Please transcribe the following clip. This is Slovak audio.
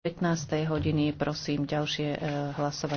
15. hodiny prosím ďalšie e, hlasovanie.